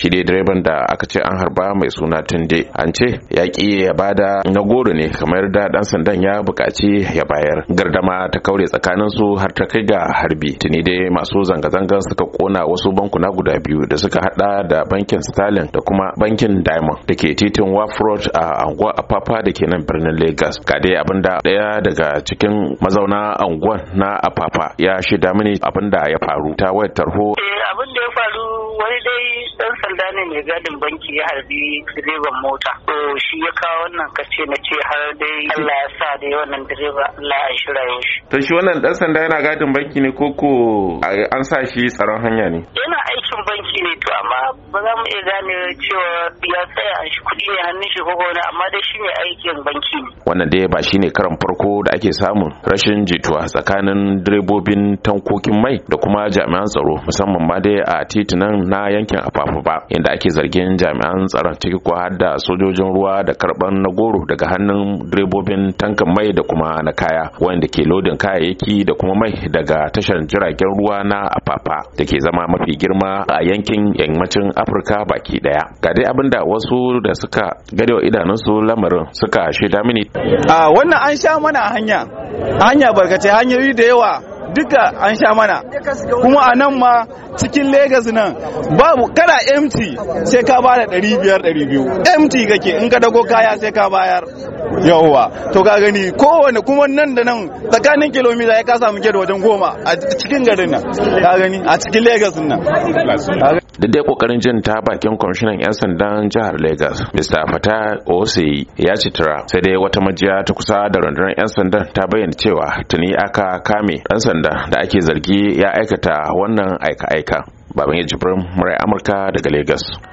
shi dai direban da aka ce an harba mai suna tunde an ce ya ki ya bada na goro ne kamar da dan sandan ya buƙaci ya bayar gardama ta kaure tsakanin su har ta kai ga harbi tuni dai masu zanga-zangar suka kona wasu bankuna guda biyu da suka hada da bankin stalin da kuma bankin diamond da ke titin wharf road a anguwa apapa da ke nan birnin lagos ga dai abinda daya daga cikin mazauna anguwan na apapa ya shida mini abinda ya faru ta wayar tarho eh, abin da ya faru wani dai ne mai gadin banki ya harbi direban mota to shi ya kawo wannan kace na ce har dai Allah ya sa da wannan direba Allah ya shira shi to shi wannan dan sanda yana gadin banki ne ko ko an sa shi tsaron hanya ne yana asusun banki ne to amma ba za mu iya gane cewa ya tsaya shi kuɗi ne hannun shi ko wani amma dai shi ne aikin banki ne. Wannan dai ba shi ne karan farko da ake samun rashin jituwa tsakanin direbobin tankokin mai da kuma jami'an tsaro musamman ma dai a titunan na yankin afafa ba inda ake zargin jami'an tsaron ciki ko har da sojojin ruwa da karban na goro daga hannun direbobin tankan mai da kuma na kaya wanda ke lodin kayayyaki da kuma mai daga tashar jiragen ruwa na afafa da ke zama mafi girma a yankin yammacin afirka baki daya ga dai abinda wasu da suka gade wa idanunsu lamarin suka shaida mini a wannan an sha mana hanya hanya barkace hanyoyi da yawa duka an sha mana kuma a nan ma cikin Legas nan babu kana empty sai ka bada 500 200 empty kake in ka dago kaya sai ka bayar yawwa to ka gani kowane kuma nan da nan tsakanin kilomita ya kasa muke da wajen goma a cikin garin nan ka gani a cikin Legas nan da dai kokarin jin ta bakin kwamishinan 'yan sandan jihar Legas, Mr. Fata Osei ya ci tura sai dai wata majiya ta kusa da rundunar 'yan sandan ta bayyana cewa tuni aka kame ɗan sanda da ake zargi ya aikata wannan aika-aika. Baban Jibrin Murai Amurka daga Legas.